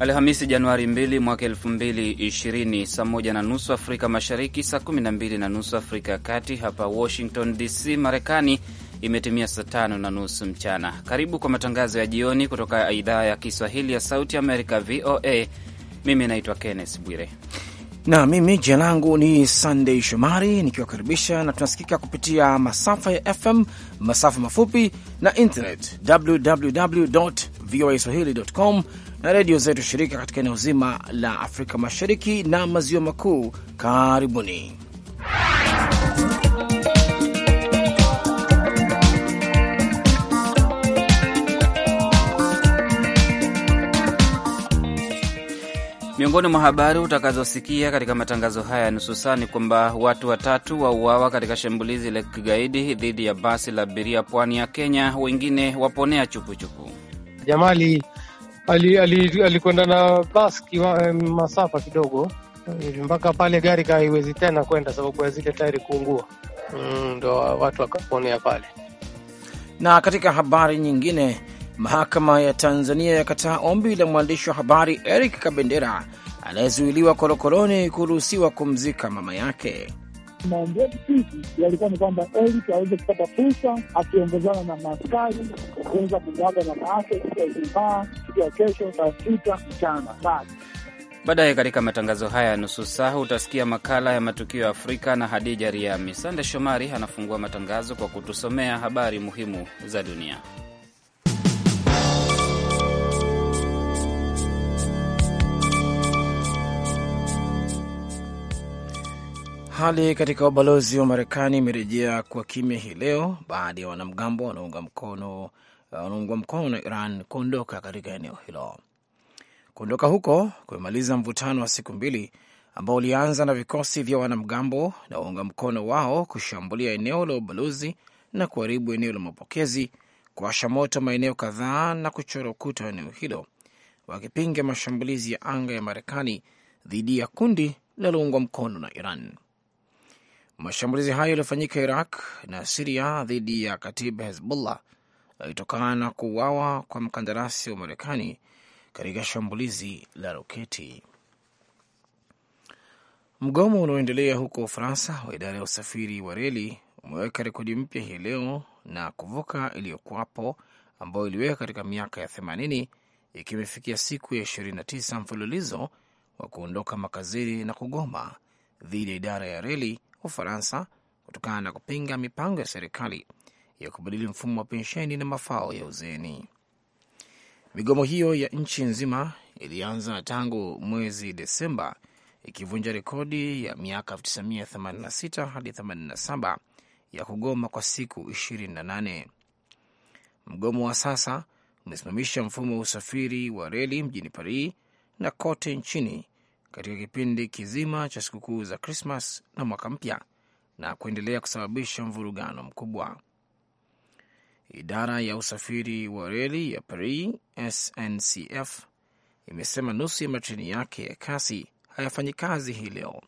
Alhamisi, Januari 2 mwaka 2020, saa moja na nusu Afrika Mashariki, saa 12 na nusu Afrika ya Kati. Hapa Washington DC, Marekani, imetimia saa tano na nusu mchana. Karibu kwa matangazo ya jioni kutoka idhaa ya Kiswahili ya Sauti Amerika, VOA. Mimi naitwa Kenneth Bwire na mimi jina langu ni Sandey Shomari nikiwakaribisha, na tunasikika kupitia masafa ya FM, masafa mafupi na internet, www voa swahili.com na redio zetu shirika katika eneo zima la Afrika Mashariki na Maziwa Makuu. Karibuni. Miongoni mwa habari utakazosikia katika matangazo haya nusu saa ni kwamba watu watatu wauawa katika shambulizi la kigaidi dhidi ya basi la abiria pwani ya Kenya, wengine waponea chupuchupu. Jamali alikwenda ali, ali na baski masafa kidogo eh, mpaka pale gari kaiwezi tena kwenda sababu ya zile tairi kuungua, mm, ndo mm, watu wakaponea pale. Na katika habari nyingine, mahakama ya Tanzania yakataa ombi la mwandishi wa habari Eric Kabendera anayezuiliwa korokoroni kuruhusiwa kumzika mama yake yetu sisi yalikuwa ni kwamba Eric aweze kupata fursa akiongozana na maaskari kuweza kumwaga mama maake siku ya Ijumaa, siku ya kesho saa sita mchana basi Baadaye katika matangazo haya ya nusu saa utasikia makala ya matukio ya Afrika na Hadija Riami. Sande Shomari anafungua matangazo kwa kutusomea habari muhimu za dunia. Hali katika ubalozi wa Marekani imerejea kwa kimya hii leo baada ya wanamgambo wanaunga mkono, wanaungwa mkono na Iran kuondoka katika eneo hilo. Kuondoka huko kumemaliza mvutano wa siku mbili ambao ulianza na vikosi vya wanamgambo na waunga mkono wao kushambulia eneo la ubalozi na kuharibu eneo la mapokezi, kuasha moto maeneo kadhaa na kuchora ukuta wa eneo hilo, wakipinga mashambulizi ya anga ya Marekani dhidi ya kundi linaloungwa mkono na Iran. Mashambulizi hayo yaliyofanyika Iraq na Siria dhidi ya katibu Hezbollah yalitokana na kuuawa kwa mkandarasi wa Marekani katika shambulizi la roketi. Mgomo unaoendelea huko Ufaransa wa idara ya usafiri wa reli umeweka rekodi mpya hii leo na kuvuka iliyokuwapo ambayo iliweka katika miaka ya themanini ikiwa imefikia siku ya na tisa mfululizo wa kuondoka makazini na kugoma dhidi ya idara ya reli Ufaransa kutokana na kupinga mipango ya serikali ya kubadili mfumo wa pensheni na mafao ya uzeeni. Migomo hiyo ya nchi nzima ilianza tangu mwezi Desemba, ikivunja rekodi ya miaka 1986 hadi 87 ya kugoma kwa siku 28. Mgomo wa sasa umesimamisha mfumo wa usafiri wa reli mjini Paris na kote nchini katika kipindi kizima cha sikukuu za Krismas na mwaka mpya na kuendelea kusababisha mvurugano mkubwa. Idara ya usafiri wa reli ya Paris SNCF imesema nusu ya matreni yake ya kasi hayafanyi kazi hii leo.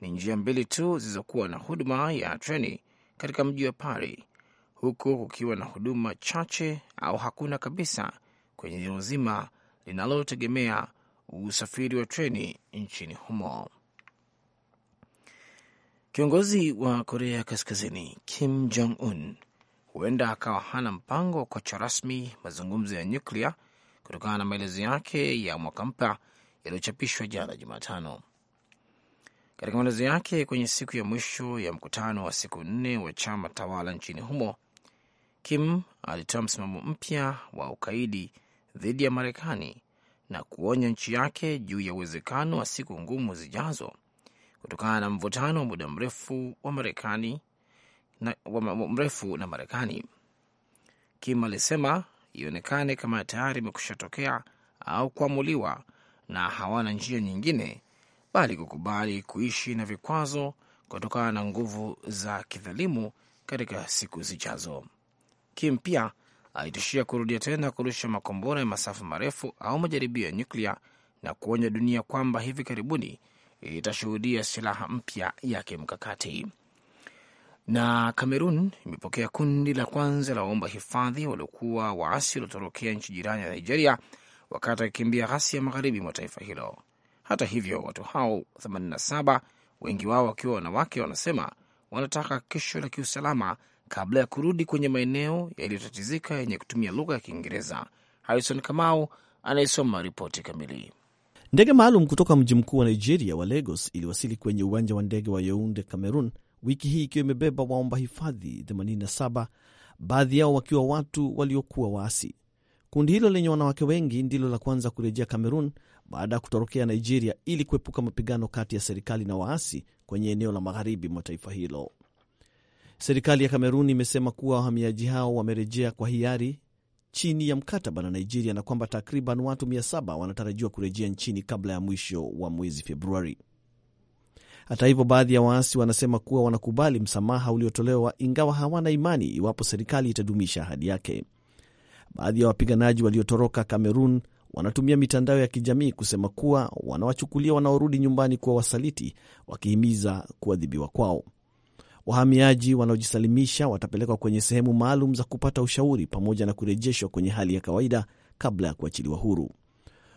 Ni njia mbili tu zilizokuwa na huduma ya treni katika mji wa Paris, huku kukiwa na huduma chache au hakuna kabisa kwenye eneo zima linalotegemea usafiri wa treni nchini humo. Kiongozi wa Korea Kaskazini Kim Jong Un huenda akawa hana mpango wa kuacha rasmi mazungumzo ya nyuklia kutokana na maelezo yake ya mwaka mpya yaliyochapishwa jana Jumatano. Katika maelezo yake kwenye siku ya mwisho ya mkutano wa siku nne wa chama tawala nchini humo, Kim alitoa msimamo mpya wa ukaidi dhidi ya Marekani na kuonya nchi yake juu ya uwezekano wa siku ngumu zijazo kutokana na mvutano wa muda mrefu wa Marekani na, mrefu na Marekani. Kim alisema ionekane kama tayari imekwisha tokea au kuamuliwa na hawana njia nyingine bali kukubali kuishi na vikwazo kutokana na nguvu za kidhalimu katika siku zijazo. Kim pia alitishia kurudia tena kurusha makombora ya masafa marefu au majaribio ya nyuklia na kuonya dunia kwamba hivi karibuni itashuhudia silaha mpya ya kimkakati. Na Kamerun imepokea kundi la kwanza la waomba hifadhi waliokuwa waasi waliotorokea nchi jirani ya Nigeria wakati wakikimbia ghasia magharibi mwa taifa hilo. Hata hivyo, watu hao 87 wengi wao wakiwa wanawake, wanasema wanataka kesho la kiusalama kabla ya kurudi kwenye maeneo yaliyotatizika yenye kutumia lugha ya Kiingereza. Harrison Kamau anayesoma ripoti kamili. Ndege maalum kutoka mji mkuu wa Nigeria wa Lagos iliwasili kwenye uwanja wa ndege wa yeunde Cameroon, wiki hii ikiwa imebeba waomba hifadhi 87, baadhi yao wakiwa watu waliokuwa waasi. Kundi hilo lenye wanawake wengi ndilo la kwanza kurejea Cameroon baada ya kutorokea Nigeria ili kuepuka mapigano kati ya serikali na waasi kwenye eneo la magharibi mwa taifa hilo. Serikali ya Kamerun imesema kuwa wahamiaji hao wamerejea kwa hiari chini ya mkataba na Nigeria na kwamba takriban watu 700 wanatarajiwa kurejea nchini kabla ya mwisho wa mwezi Februari. Hata hivyo, baadhi ya waasi wanasema kuwa wanakubali msamaha uliotolewa, ingawa hawana imani iwapo serikali itadumisha ahadi yake. Baadhi ya wapiganaji waliotoroka Kamerun wanatumia mitandao ya kijamii kusema kuwa wanawachukulia wanaorudi nyumbani kuwa wasaliti, wakihimiza kuadhibiwa kwao. Wahamiaji wanaojisalimisha watapelekwa kwenye sehemu maalum za kupata ushauri pamoja na kurejeshwa kwenye hali ya kawaida kabla ya kuachiliwa huru.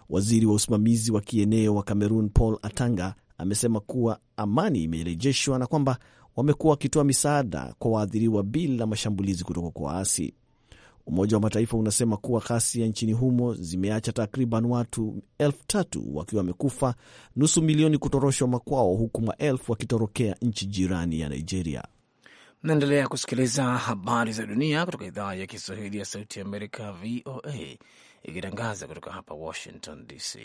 Waziri wa usimamizi wa kieneo wa Cameroon Paul Atanga amesema kuwa amani imerejeshwa na kwamba wamekuwa wakitoa misaada kwa waathiriwa bila mashambulizi kutoka kwa waasi. Umoja wa Mataifa unasema kuwa ghasia nchini humo zimeacha takriban watu elfu tatu wakiwa wamekufa, nusu milioni kutoroshwa makwao, huku maelfu wakitorokea nchi jirani ya Nigeria. Mnaendelea kusikiliza habari za dunia kutoka idhaa ya Kiswahili ya Sauti ya Amerika, VOA, ikitangaza kutoka hapa Washington DC.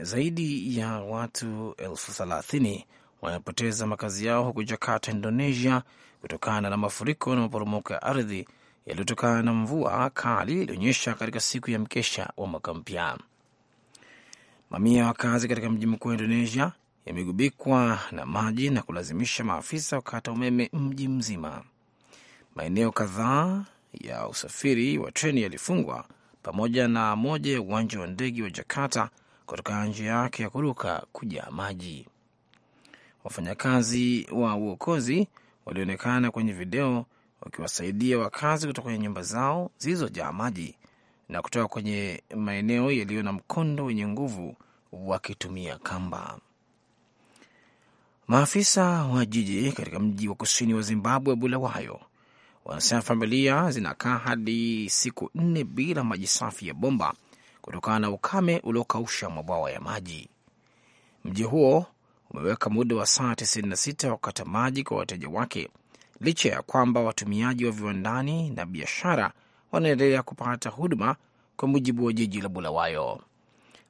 Zaidi ya watu elfu thelathini wamepoteza makazi yao huko Jakarta, Indonesia, kutokana na mafuriko na maporomoko ya ardhi yaliyotokana na mvua kali ilionyesha katika siku ya mkesha wa mwaka mpya. Mamia ya wakazi katika mji mkuu wa Indonesia yamegubikwa na maji na kulazimisha maafisa wakata umeme mji mzima. Maeneo kadhaa ya usafiri wa treni yalifungwa pamoja na moja ya uwanja wa ndege wa Jakarta kutokana njia yake ya kuruka kujaa maji. Wafanyakazi wa uokozi walionekana kwenye video wakiwasaidia wakazi kutoka kwenye nyumba zao zilizojaa maji na kutoka kwenye maeneo yaliyo na mkondo wenye nguvu wakitumia kamba. Maafisa wa jiji katika mji wa kusini wa Zimbabwe Bulawayo wanasema familia zinakaa hadi siku nne bila maji safi ya bomba kutokana na ukame uliokausha mabwawa ya maji. Mji huo umeweka muda wa saa 96 wa kukata maji kwa wateja wake licha ya kwamba watumiaji wa viwandani na biashara wanaendelea kupata huduma, kwa mujibu wa jiji la Bulawayo.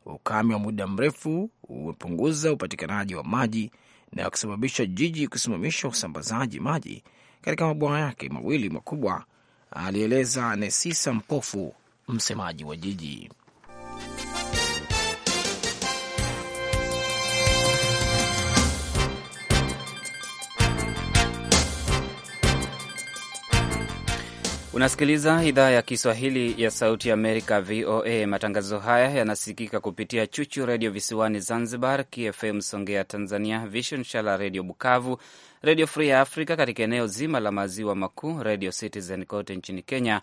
Ukame wa muda mrefu umepunguza upatikanaji wa maji na kusababisha jiji kusimamisha usambazaji maji katika mabwawa yake mawili makubwa, alieleza Nesisa Mpofu, msemaji wa jiji. Unasikiliza idhaa ya Kiswahili ya Sauti ya Amerika, VOA. Matangazo haya yanasikika kupitia Chuchu Redio visiwani Zanzibar, KFM Songea Tanzania, Vision Shala Redio Bukavu, Redio Free Africa katika eneo zima la maziwa makuu, Redio Citizen kote nchini Kenya,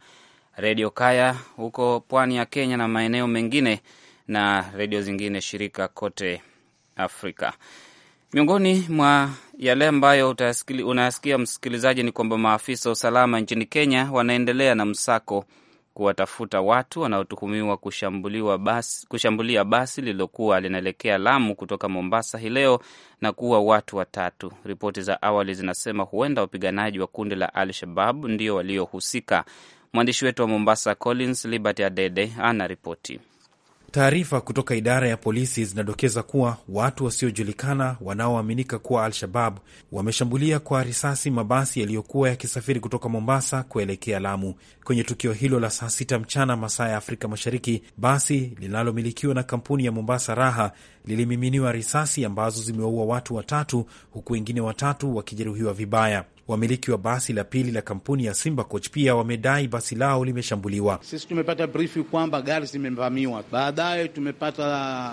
Redio Kaya huko pwani ya Kenya na maeneo mengine, na redio zingine shirika kote Afrika. Miongoni mwa yale ambayo unayasikia msikilizaji ni kwamba maafisa wa usalama nchini Kenya wanaendelea na msako kuwatafuta watu wanaotuhumiwa basi, kushambulia basi lililokuwa linaelekea Lamu kutoka Mombasa hii leo na kuua watu watatu. Ripoti za awali zinasema huenda wapiganaji wa kundi la Al Shabab ndio waliohusika. Mwandishi wetu wa Mombasa Collins Liberty Adede ana ripoti. Taarifa kutoka idara ya polisi zinadokeza kuwa watu wasiojulikana wanaoaminika kuwa Al-Shabab wameshambulia kwa risasi mabasi yaliyokuwa yakisafiri kutoka Mombasa kuelekea Lamu. Kwenye tukio hilo la saa sita mchana masaa ya Afrika Mashariki, basi linalomilikiwa na kampuni ya Mombasa Raha lilimiminiwa risasi ambazo zimewaua watu watatu huku wengine watatu wakijeruhiwa vibaya. Wamiliki wa basi la pili la kampuni ya Simba Coach pia wamedai basi lao limeshambuliwa. Sisi tumepata brifu kwamba gari zimevamiwa, baadaye tumepata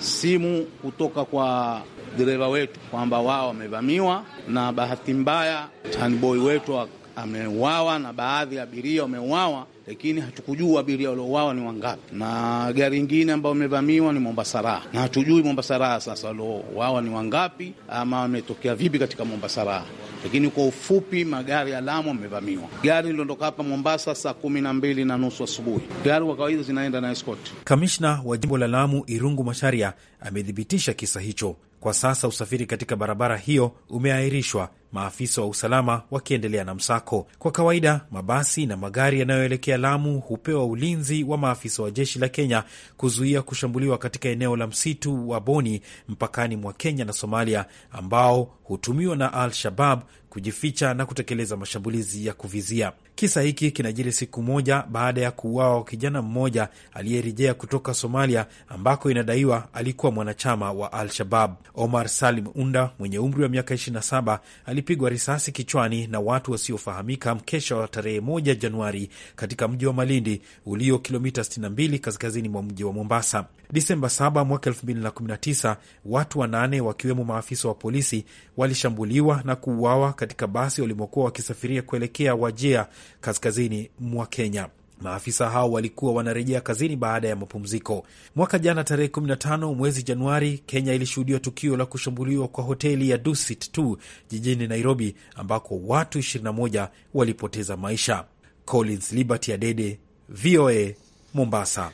simu kutoka kwa dereva wetu kwamba wao wamevamiwa, na bahati mbaya tanboy wetu ameuawa na baadhi ya abiria wameuawa lakini hatukujua abiria waliouawa ni wangapi, na gari ingine ambayo imevamiwa ni Mombasa Raha, na hatujui Mombasa Raha sasa waliouawa ni wangapi ama wametokea vipi katika Mombasa Raha. Lakini kwa ufupi, magari ya Lamu amevamiwa. Gari liliondoka hapa Mombasa saa kumi na mbili na nusu asubuhi. Gari kwa kawaida zinaenda na eskoti. Kamishna wa jimbo la Lamu Irungu Masharia amethibitisha kisa hicho. Kwa sasa usafiri katika barabara hiyo umeahirishwa maafisa wa usalama wakiendelea na msako. Kwa kawaida, mabasi na magari yanayoelekea Lamu hupewa ulinzi wa maafisa wa jeshi la Kenya kuzuia kushambuliwa katika eneo la msitu wa Boni mpakani mwa Kenya na Somalia, ambao hutumiwa na Al Shabab kujificha na kutekeleza mashambulizi ya kuvizia. Kisa hiki kinajiri siku moja baada ya kuuawa wa kijana mmoja aliyerejea kutoka Somalia ambako inadaiwa alikuwa mwanachama wa Al-Shabab. Omar Salim Unda mwenye umri wa miaka 27 alipigwa risasi kichwani na watu wasiofahamika mkesha wa tarehe 1 Januari katika mji wa Malindi ulio kilomita 62 kaskazini mwa mji wa Mombasa. Disemba 7 mwaka 2019, watu wanane wakiwemo maafisa wa polisi walishambuliwa na kuuawa katika basi walimokuwa wakisafiria kuelekea Wajia, kaskazini mwa Kenya. Maafisa hao walikuwa wanarejea kazini baada ya mapumziko. Mwaka jana tarehe 15 mwezi Januari, Kenya ilishuhudiwa tukio la kushambuliwa kwa hoteli ya Dusit tu jijini Nairobi, ambako watu 21 walipoteza maisha. Collins Liberty Adede, VOA, Mombasa.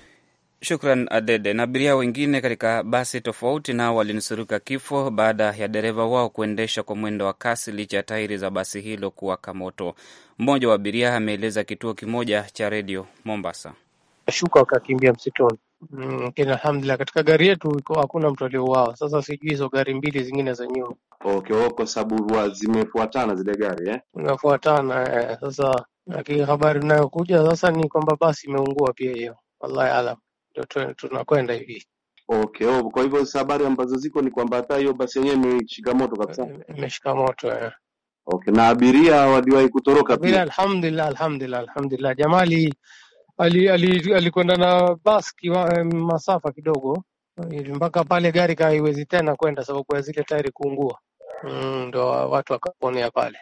Shukran Adede. Na abiria wengine katika basi tofauti nao walinusurika kifo baada ya dereva wao kuendesha kwa mwendo wa kasi licha ya tairi za basi hilo kuwaka moto. Mmoja wa abiria ameeleza kituo kimoja cha redio Mombasa. Shuka wakakimbia msituni, lakini mm, alhamdulillah katika gari yetu hakuna mtu aliouawa. Sasa sijui hizo gari mbili zingine za nyuma Okay, okeoko sababu zimefuatana zile gari eh? Zinafuatana eh, sasa lakini habari inayokuja sasa ni kwamba basi imeungua pia hiyo, wallahi alam ndio tunakwenda hivi. Okay, oh, kwa hivyo habari ambazo ziko ni kwamba hata hiyo basi yenyewe imeshika moto kabisa. Imeshika moto eh. Okay, na abiria waliwahi kutoroka pia. Alhamdulillah, alhamdulillah, alhamdulillah. Jamali alikwenda ali, ali na basi masafa kidogo mpaka pale gari kaiwezi tena kwenda sababu ya zile tairi kuungua, mm, ndo watu wakaponea pale.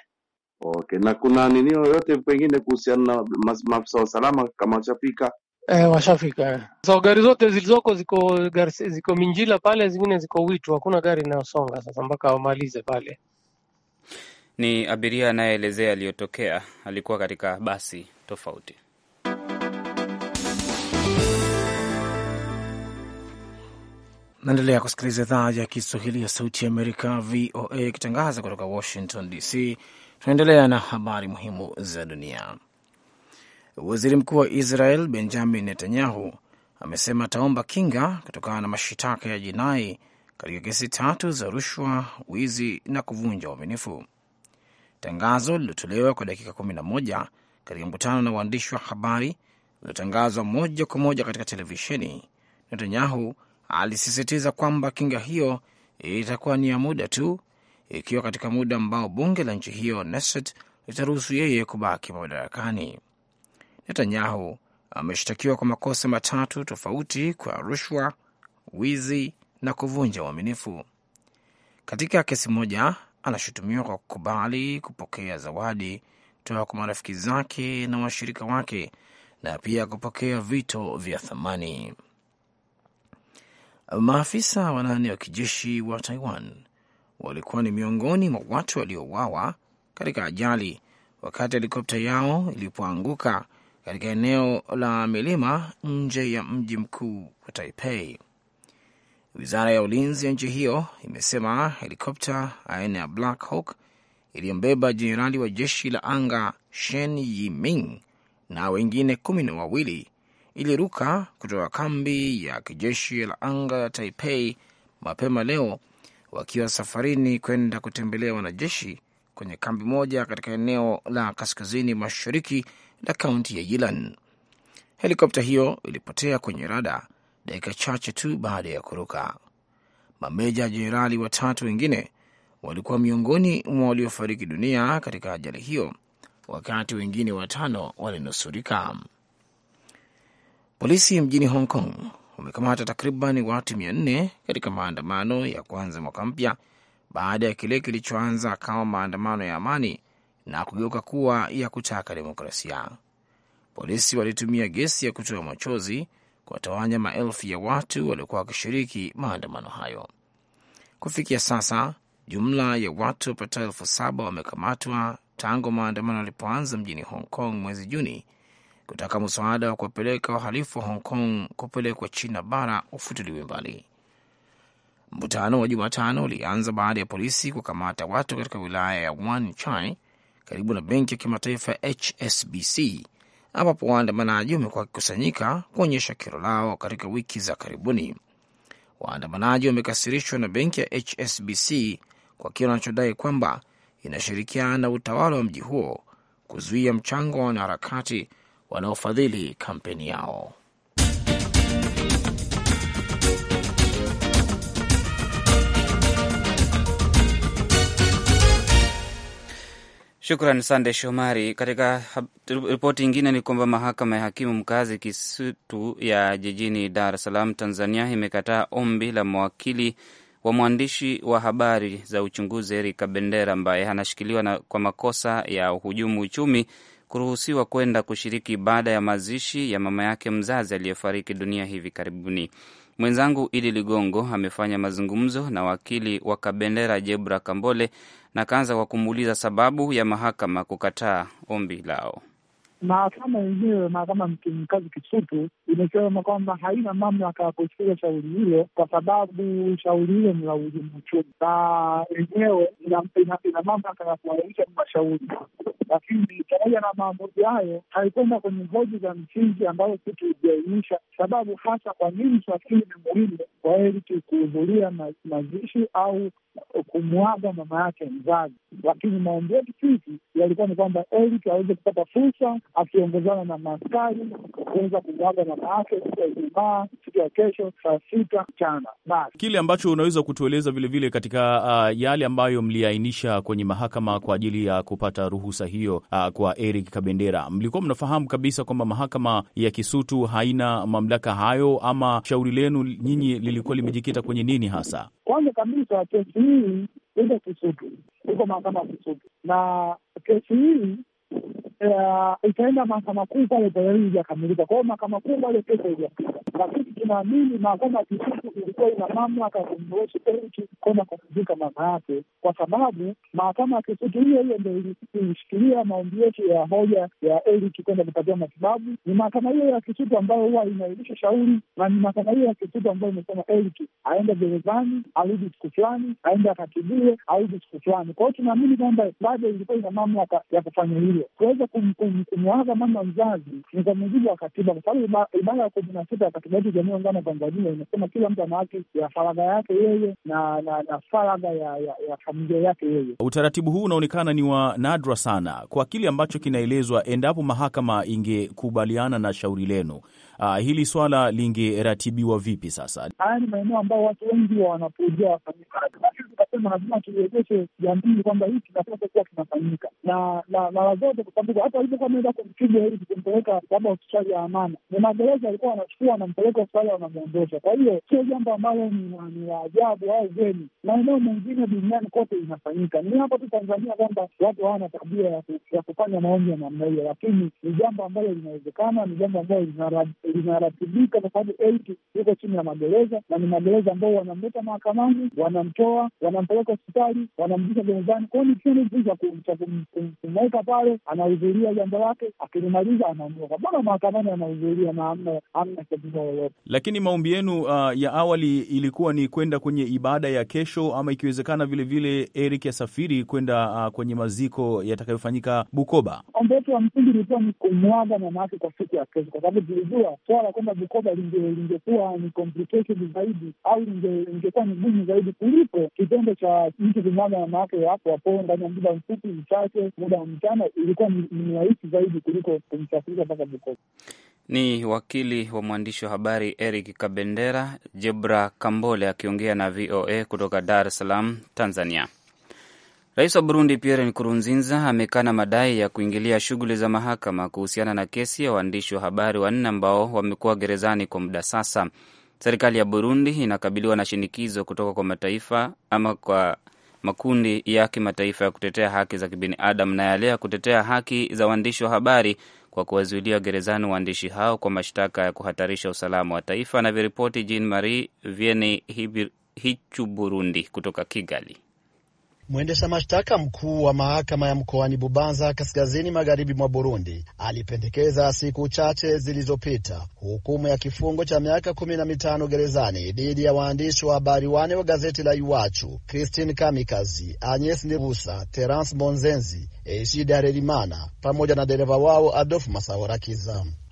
Okay, na kuna nini yoyote pengine kuhusiana na maafisa wa usalama kama chapika E, washafika. So gari zote zilizoko ziko gari, ziko Minjila pale, zingine ziko Witu, hakuna gari inayosonga sasa mpaka wamalize pale. Ni abiria anayeelezea aliyotokea alikuwa katika basi tofauti. Naendelea kusikiliza idhaa ya Kiswahili ya Sauti ya Amerika, VOA, ikitangaza kutoka Washington DC. Tunaendelea na habari muhimu za dunia. Waziri mkuu wa Israel Benjamin Netanyahu amesema ataomba kinga kutokana na mashitaka ya jinai katika kesi tatu za rushwa, wizi na kuvunja uaminifu. Tangazo lililotolewa kwa dakika 11 katika mkutano na waandishi wa habari uliotangazwa moja kwa moja katika televisheni, Netanyahu alisisitiza kwamba kinga hiyo itakuwa ni ya muda tu, ikiwa katika muda ambao bunge la nchi hiyo Knesset litaruhusu yeye kubaki madarakani. Netanyahu ameshtakiwa kwa makosa matatu tofauti kwa rushwa, wizi na kuvunja uaminifu. Katika kesi moja, anashutumiwa kwa kukubali kupokea zawadi kutoka kwa marafiki zake na washirika wake na pia kupokea vito vya thamani. Maafisa wanane wa kijeshi wa Taiwan walikuwa ni miongoni mwa watu waliouawa katika ajali wakati helikopta yao ilipoanguka katika eneo la milima nje ya mji mkuu wa Taipei. Wizara ya ulinzi ya nchi hiyo imesema helikopta aina ya Black Hawk iliyombeba jenerali wa jeshi la anga Shen Yiming na wengine kumi na wawili iliruka kutoka kambi ya kijeshi la anga ya Taipei mapema leo wakiwa safarini kwenda kutembelea wanajeshi kwenye kambi moja katika eneo la kaskazini mashariki na kaunti ya Yilan. Helikopta hiyo ilipotea kwenye rada dakika chache tu baada ya kuruka. Mameja jenerali watatu wengine walikuwa miongoni mwa waliofariki dunia katika ajali hiyo, wakati wengine watano walinusurika. Polisi mjini Hong Kong wamekamata takriban watu mia nne katika maandamano ya kwanza mwaka mpya baada ya kile kilichoanza kama maandamano ya amani na kugeuka kuwa ya kutaka demokrasia. Polisi walitumia gesi ya kutoa machozi kuwatawanya maelfu ya watu waliokuwa wakishiriki maandamano hayo. Kufikia sasa, jumla ya watu wapatao elfu saba wamekamatwa tangu maandamano yalipoanza mjini Hong Kong mwezi Juni kutaka msaada wa kuwapeleka wahalifu wa Hong Kong kupelekwa China bara ufutuliwe mbali. Mvutano wa Jumatano ulianza baada ya polisi kukamata watu katika wilaya ya Wan Chai karibu na benki ya kimataifa ya HSBC ambapo waandamanaji wamekuwa wakikusanyika kuonyesha kero lao katika wiki za karibuni. Waandamanaji wamekasirishwa na benki ya HSBC kwa kile wanachodai kwamba inashirikiana na utawala wa mji huo kuzuia mchango wa wanaharakati wanaofadhili kampeni yao. Shukran Sande Shomari. Katika ripoti ingine ni kwamba mahakama ya hakimu mkazi Kisutu ya jijini Dar es Salaam, Tanzania, imekataa ombi la mwakili wa mwandishi wa habari za uchunguzi Eric Kabendera ambaye anashikiliwa na kwa makosa ya uhujumu uchumi kuruhusiwa kwenda kushiriki baada ya mazishi ya mama yake mzazi aliyefariki dunia hivi karibuni. Mwenzangu Idi Ligongo amefanya mazungumzo na wakili wa Kabendera Jebra Kambole na akaanza kwa kumuuliza sababu ya mahakama kukataa ombi lao mahakama yenyewe, mahakama mkazi Kisutu imesema kwamba haina mamlaka ya kusikiza shauri hilo kwa sababu shauri hilo ni la uhujumu uchumi, na yenyewe ina mamlaka ya kuahirisha mashauri. Lakini pamoja na maamuzi hayo, haikwenda kwenye hoji za msingi ambazo si tuliziainisha, sababu hasa kwa nini swakili ni muhimu kwa Eriki kuhudhuria mazishi au kumwaga mama yake mzazi. Lakini maombi yetu sisi yalikuwa ni kwamba Eriki aweze kupata fursa akiongozana na maaskari kuweza kumwaga mama yake siku ya Ijumaa, siku ya kesho saa sita mchana. Basi kile ambacho unaweza kutueleza vilevile vile katika uh, yale ambayo mliainisha kwenye mahakama kwa ajili ya kupata ruhusa hiyo uh, kwa Eric Kabendera, mlikuwa mnafahamu kabisa kwamba mahakama ya Kisutu haina mamlaka hayo, ama shauri lenu nyinyi lilikuwa limejikita kwenye nini hasa? Kwanza kabisa kesi hii iko Kisutu, iko mahakama ya Kisutu na kesi hii Eh, itaenda mahakama kuu pale tayari ijakamilika. Kwa hiyo mahakama kuu pale kesa ijapita, lakini tunaamini mahakama ya Kisutu ilikuwa ina mamlaka ya kumruhusu eriki kwenda kuvunjika mama yake, kwa sababu mahakama ya Kisutu hiyo hiyo ndo ilishikilia maombi yetu ya hoja ya eriki kwenda kupatia matibabu. Ni mahakama hiyo ya Kisutu ambayo huwa inaidisha shauri, na ni mahakama hiyo ya Kisutu ambayo imesema eriki aende gerezani, arudi siku fulani, aende akatibiwe, arudi siku fulani. Kwa hiyo tunaamini kwamba bado ilikuwa ina mamlaka ya kufanya hilo hiyo kuweza kumwaga mama mzazi ni kwa mujibu wa katiba, kwa sababu ibara ya kumi na sita ya katiba yetu Jamhuri ya Muungano wa Tanzania inasema kila mtu ana haki ya faragha yake yeye na na, na faragha ya, ya, ya familia yake yeye. Utaratibu huu unaonekana ni wa nadra sana kwa kile ambacho kinaelezwa, endapo mahakama ingekubaliana na shauri lenu Uh, hili swala lingeratibiwa vipi sasa? Haya ni maeneo ambayo watu wengi wanapuuzia wafanyikazi, lakini tukasema lazima tuiwezeshe jamii kwamba hii kinapasa kuwa kinafanyika na mara zote, kwa sababu hata alivyokuwa ameweza kumpigwa ili kumpeleka labda hospitali ya Amana, ni magereza alikuwa wanachukua anampeleka hospitali wanamwondosha. Kwa hiyo sio jambo ambalo ni la ajabu au geni, maeneo mengine duniani kote inafanyika. Ni hapo tu Tanzania kwamba watu hawana tabia ya kufanya maombi ya namna hiyo, lakini ni jambo ambalo linawezekana, ni jambo ambalo lina linaratibika kwa sababu eight yuko chini ya magereza na ni magereza ambao wanamleta mahakamani, wanamtoa, wanampeleka hospitali, wanamjisha gerezani. Kwao ni kitu cha kumweka pale, anahudhuria jambo lake, akilimaliza anaondoka. Mbona mahakamani anahudhuria na amna amna tatizo lolote? Lakini maombi yenu uh, ya awali ilikuwa ni kwenda kwenye ibada ya kesho, ama ikiwezekana vilevile Eric asafiri kwenda uh, kwenye maziko yatakayofanyika Bukoba. Ombi wetu ya msingi ilikuwa ni kumwaga mama yake kwa siku ya kesho, kwa sababu tulijua swala kwamba Bukoba lingekuwa ni complicated zaidi au lingekuwa ni gumu zaidi kuliko kitendo cha mtu kumwaga wanawake wapo wapo hapo ndani ya muda mfupi mchache, muda wa mchana, ilikuwa ni rahisi zaidi kuliko kumsafirisha mpaka Bukoba. Ni wakili wa mwandishi wa habari Eric Kabendera. Jebra Kambole akiongea na VOA kutoka Dar es Salaam, Tanzania. Rais wa Burundi Pierre Nkurunziza amekana madai ya kuingilia shughuli za mahakama kuhusiana na kesi ya waandishi wa habari wanne ambao wamekuwa gerezani kwa muda sasa. Serikali ya Burundi inakabiliwa na shinikizo kutoka kwa mataifa ama kwa makundi ya kimataifa ya kutetea haki za kibinadamu na yale ya kutetea haki za waandishi wa habari kwa kuwazuilia gerezani waandishi hao kwa mashtaka ya kuhatarisha usalama wa taifa, anavyoripoti Jean Marie Vieni Hichu Burundi kutoka Kigali. Mwendesha mashtaka mkuu wa mahakama ya mkoani Bubanza, kaskazini magharibi mwa Burundi, alipendekeza siku chache zilizopita hukumu ya kifungo cha miaka kumi na mitano gerezani dhidi ya waandishi wa habari wane wa gazeti la Iwachu, Christine Kamikazi, Agnes Nibusa, Terence Bonzenzi, Eshida Relimana pamoja na dereva wao Adolfu Masahora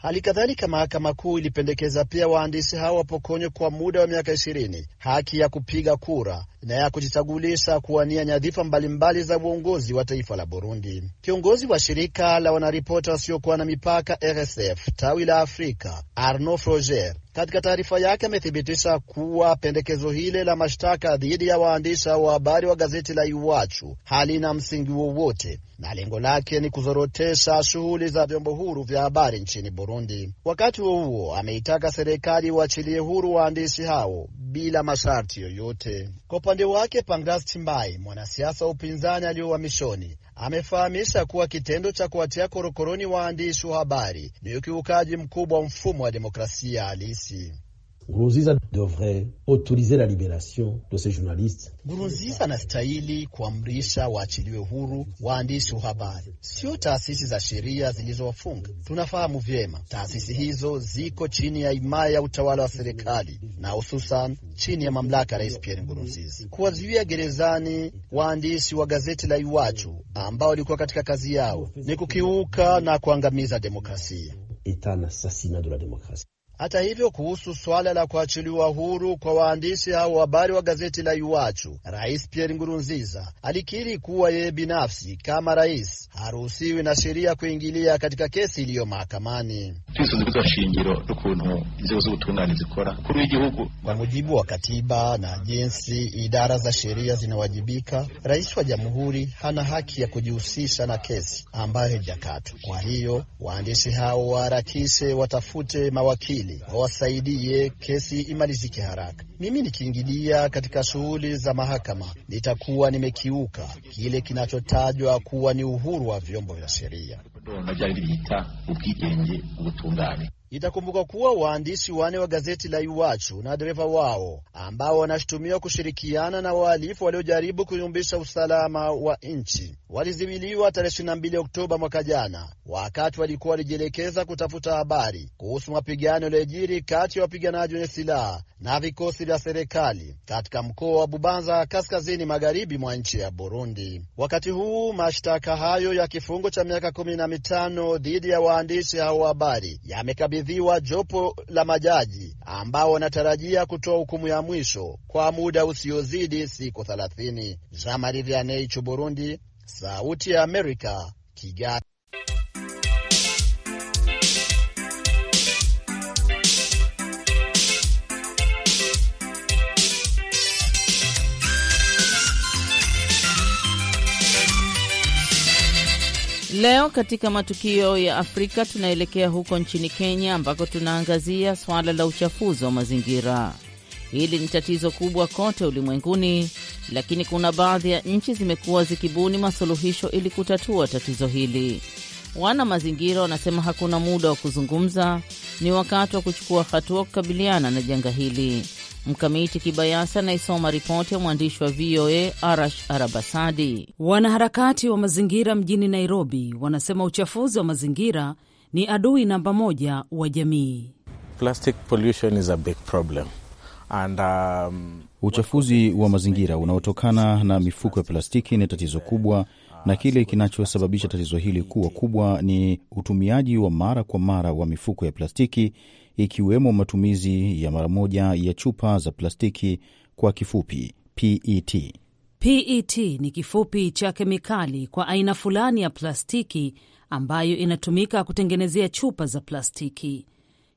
Hali kadhalika mahakama kuu ilipendekeza pia waandisi hao wapokonywe kwa muda wa miaka ishirini haki ya kupiga kura na ya kujichagulisha kuwania nyadhifa mbalimbali za uongozi wa taifa la Burundi. Kiongozi wa shirika la wanaripota wasiokuwa na mipaka RSF tawi la Afrika Arnaud Froger katika taarifa yake amethibitisha kuwa pendekezo hile la mashtaka dhidi ya waandishi wa habari wa gazeti la Iwachu halina msingi wowote na lengo lake ni kuzorotesha shughuli za vyombo huru vya habari nchini Burundi. Wakati huo huo, ameitaka serikali waachilie huru waandishi hao bila masharti yoyote. Kwa upande wake, Pangras Chimbai, mwanasiasa wa upinzani aliyohamishoni, amefahamisha kuwa kitendo cha kuwatia korokoroni waandishi wa habari ni ukiukaji mkubwa wa mfumo wa demokrasia halisi. Nkurunziza devrait autoriser la liberation de ces journalistes. Nkurunziza anastahili kuamrisha waachiliwe huru waandishi wa habari, sio taasisi za sheria zilizowafunga. Tunafahamu vyema taasisi hizo ziko chini ya himaya ya utawala wa serikali na hususan chini ya mamlaka ya Rais Pierre Nkurunziza. Kuwazuia gerezani waandishi wa gazeti la Iwachu ambao walikuwa katika kazi yao ni kukiuka na kuangamiza demokrasia. Hata hivyo, kuhusu swala la kuachiliwa huru kwa waandishi au habari wa gazeti la Iwachu, Rais Pierre Ngurunziza alikiri kuwa yeye binafsi kama rais haruhusiwi na sheria kuingilia katika kesi iliyo mahakamani. Kwa mujibu wa katiba na jinsi idara za sheria zinawajibika, rais wa jamhuri hana haki ya kujihusisha na kesi ambayo haijakatwa. Kwa hiyo waandishi hao waharakishe watafute mawakili serikali wawasaidie kesi imalizike haraka. Mimi nikiingilia katika shughuli za mahakama nitakuwa nimekiuka kile kinachotajwa kuwa ni uhuru wa vyombo vya sheria. Itakumbuka kuwa waandishi wane wa gazeti la Iwachu na dereva wao ambao wanashutumiwa kushirikiana na wahalifu waliojaribu kuyumbisha usalama wa nchi waliziwiliwa tarehe 22 Oktoba mwaka jana, wakati walikuwa walijielekeza kutafuta habari kuhusu mapigano yaliyojiri kati ya wapiganaji wenye silaha na vikosi vya serikali katika mkoa wa Bubanza, kaskazini magharibi mwa nchi ya Burundi. Wakati huu mashtaka hayo ya kifungo cha miaka 15 tano dhidi ya waandishi hao wa habari yamekabidhiwa jopo la majaji ambao wanatarajia kutoa hukumu ya mwisho kwa muda usiozidi siku thelathini. Jean Marie Vianney, Burundi, Sauti ya Amerika, Kigali. Leo katika matukio ya Afrika tunaelekea huko nchini Kenya ambako tunaangazia swala la uchafuzi wa mazingira. Hili ni tatizo kubwa kote ulimwenguni, lakini kuna baadhi ya nchi zimekuwa zikibuni masuluhisho ili kutatua tatizo hili. Wana mazingira wanasema hakuna muda wa kuzungumza, ni wakati wa kuchukua hatua kukabiliana na janga hili. Mkamiti Kibayasi anayesoma ripoti ya mwandishi wa VOA Arash Arabasadi. Wanaharakati wa mazingira mjini Nairobi wanasema uchafuzi wa mazingira ni adui namba moja wa jamii. Plastic pollution is a big problem. And, um, uchafuzi wa mazingira unaotokana na mifuko ya plastiki ni tatizo kubwa na kile kinachosababisha tatizo hili kuwa kubwa ni utumiaji wa mara kwa mara wa mifuko ya plastiki, ikiwemo matumizi ya mara moja ya chupa za plastiki, kwa kifupi PET. PET ni kifupi cha kemikali kwa aina fulani ya plastiki ambayo inatumika kutengenezea chupa za plastiki.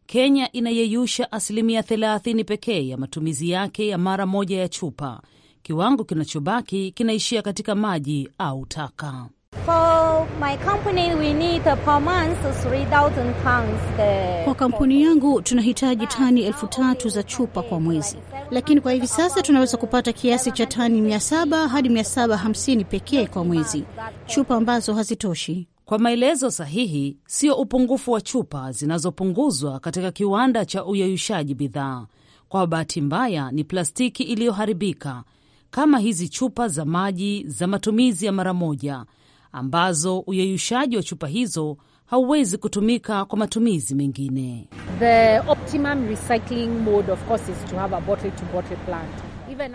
Kenya inayeyusha asilimia 30 pekee ya matumizi yake ya mara moja ya chupa kiwango kinachobaki kinaishia katika maji au taka. Kwa kampuni yangu tunahitaji tani elfu tatu za chupa kwa mwezi, lakini kwa hivi sasa tunaweza kupata kiasi cha tani saba hadi 750 pekee kwa mwezi, chupa ambazo hazitoshi. Kwa maelezo sahihi, sio upungufu wa chupa zinazopunguzwa katika kiwanda cha uyeyushaji bidhaa. Kwa bahati mbaya, ni plastiki iliyoharibika kama hizi chupa za maji za matumizi ya mara moja ambazo uyeyushaji wa chupa hizo hauwezi kutumika kwa matumizi mengine.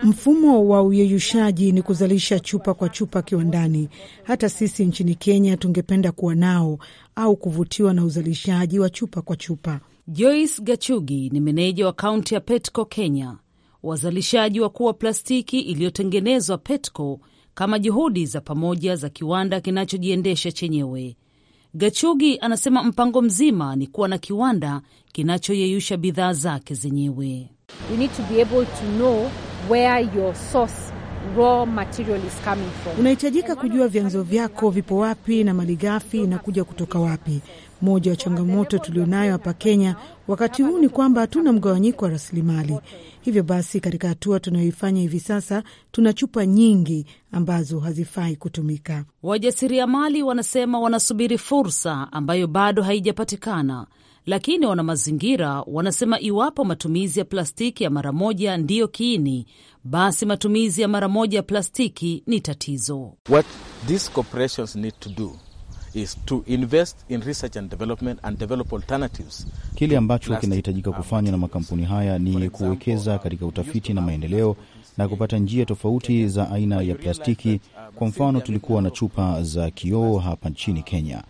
Mfumo wa uyeyushaji ni kuzalisha chupa kwa chupa kiwandani. Hata sisi nchini Kenya tungependa kuwa nao au kuvutiwa na uzalishaji wa chupa kwa chupa. Joyce Gachugi ni meneja wa kaunti ya Petco, Kenya wazalishaji wakuu wa plastiki iliyotengenezwa Petco kama juhudi za pamoja za kiwanda kinachojiendesha chenyewe. Gachugi anasema mpango mzima ni kuwa na kiwanda kinachoyeyusha bidhaa zake zenyewe. Unahitajika kujua vyanzo vyako vipo wapi na malighafi inakuja kutoka wapi. Moja ya changamoto tulionayo hapa Kenya wakati huu ni kwamba hatuna mgawanyiko wa rasilimali. Hivyo basi, katika hatua tunayoifanya hivi sasa, tuna chupa nyingi ambazo hazifai kutumika. Wajasiriamali wanasema wanasubiri fursa ambayo bado haijapatikana, lakini wana mazingira wanasema iwapo matumizi ya plastiki ya mara moja ndiyo kiini, basi matumizi ya mara moja ya plastiki ni tatizo. What these corporations need to do is to invest in research and development and develop alternatives. Kile ambacho kinahitajika kufanywa na makampuni haya ni kuwekeza uh, katika utafiti na maendeleo na kupata njia tofauti za aina ya plastiki. Uh, Kwa mfano, tulikuwa na chupa za kioo hapa nchini Kenya,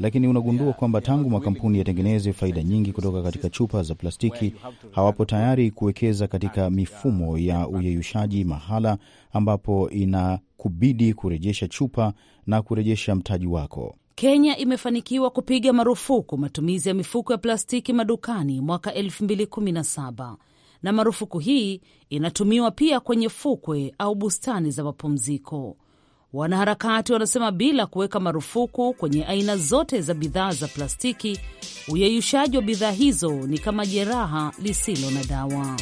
lakini unagundua kwamba tangu makampuni yatengeneze faida nyingi kutoka katika chupa za plastiki, hawapo tayari kuwekeza katika uh, mifumo ya uyeyushaji, mahala ambapo inakubidi kurejesha chupa na kurejesha mtaji wako. Kenya imefanikiwa kupiga marufuku matumizi ya mifuko ya plastiki madukani mwaka 2017 na marufuku hii inatumiwa pia kwenye fukwe au bustani za mapumziko. Wanaharakati wanasema bila kuweka marufuku kwenye aina zote za bidhaa za plastiki, uyeyushaji wa bidhaa hizo ni kama jeraha lisilo na dawa.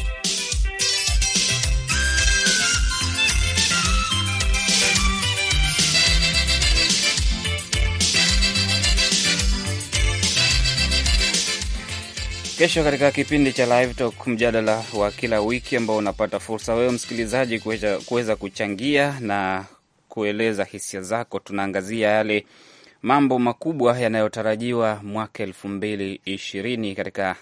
Kesho katika kipindi cha Live Talk, mjadala wa kila wiki ambao unapata fursa wewe msikilizaji kuweza kuchangia na kueleza hisia zako, tunaangazia yale mambo makubwa yanayotarajiwa mwaka elfu mbili ishirini katika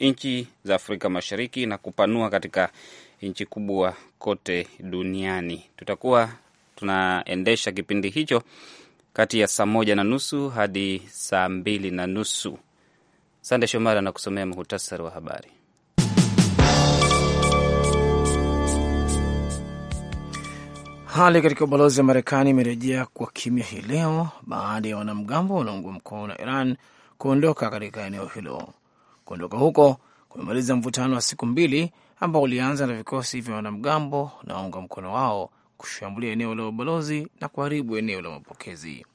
nchi za Afrika Mashariki na kupanua katika nchi kubwa kote duniani. Tutakuwa tunaendesha kipindi hicho kati ya saa moja na nusu hadi saa mbili na nusu Sande Shomari anakusomea muhutasari wa habari. Hali katika ubalozi wa Marekani imerejea kwa kimya hii leo baada ya wanamgambo wanaungwa mkono na Iran kuondoka katika eneo hilo. Kuondoka huko kumemaliza mvutano wa siku mbili ambao ulianza na vikosi vya wanamgambo na waunga mkono wao kushambulia eneo la ubalozi na kuharibu eneo la mapokezi.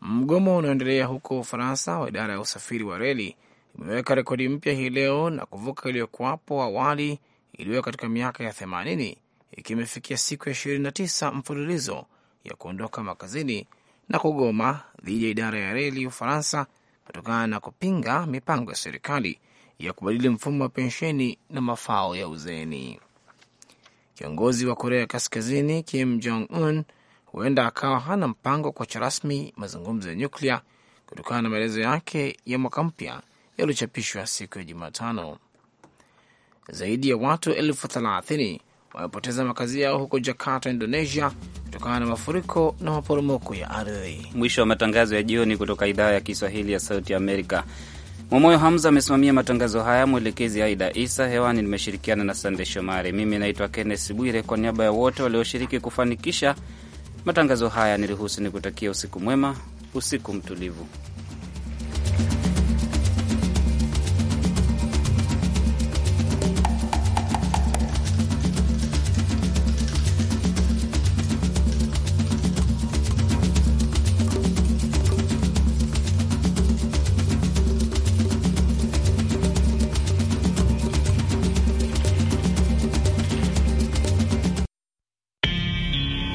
Mgomo unaoendelea huko Ufaransa wa idara ya usafiri wa reli umeweka rekodi mpya hii leo na kuvuka iliyokuwapo awali iliyo katika miaka ya themanini ikimefikia siku ya tisa mfululizo ya kuondoka makazini na kugoma dhidi ya idara ya reli Ufaransa kutokana na kupinga mipango ya serikali ya kubadili mfumo wa pensheni na mafao ya uzeeni. Kiongozi wa Korea Kaskazini Kim Jong Un huenda akawa hana mpango kwa cha rasmi mazungumzo ya nyuklia kutokana na maelezo yake ya mwaka mpya yaliyochapishwa siku ya Jumatano. Zaidi ya watu elfu thelathini wamepoteza makazi yao huko Jakarta, Indonesia, kutokana na mafuriko na maporomoko ya ardhi. Mwisho wa matangazo ya jioni kutoka idhaa ya Kiswahili ya Sauti Amerika. Mwamoyo Hamza amesimamia matangazo haya, mwelekezi Aida Isa. Hewani nimeshirikiana na Sande Shomari. Mimi naitwa Kennes Bwire, kwa niaba ya wote walioshiriki kufanikisha Matangazo haya niruhusu ni kutakia usiku mwema, usiku mtulivu.